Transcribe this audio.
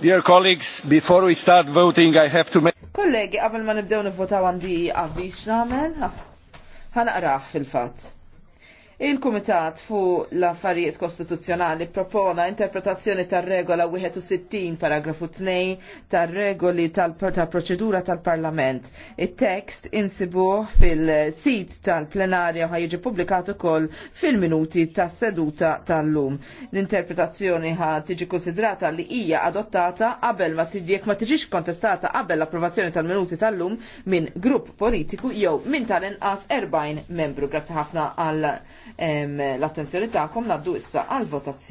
Dear colleagues, before we start voting, I have to make... Kollegi, qabel ma nibdew nivvotaw għandi avviċ namen, ħanaqraħ fil-fat. Il-Kumitat fu l-affarijiet kostituzzjonali propona interpretazzjoni tar-regola 61 paragrafu 2 tar-regoli tal-proċedura tal-Parlament. it tekst insibuh fil-sit tal-plenarja ħajġi publikatu kol fil-minuti tas seduta tal-lum. L-interpretazzjoni ħa tiġi konsidrata li hija adottata qabel ma tiġiek ma tiġix kontestata qabel l-approvazzjoni tal-minuti tal-lum minn grupp politiku jew minn tal-inqas 40 membru. Grazzi ħafna għal l-attenzjoni tagħkom naddu issa għal votazzjoni.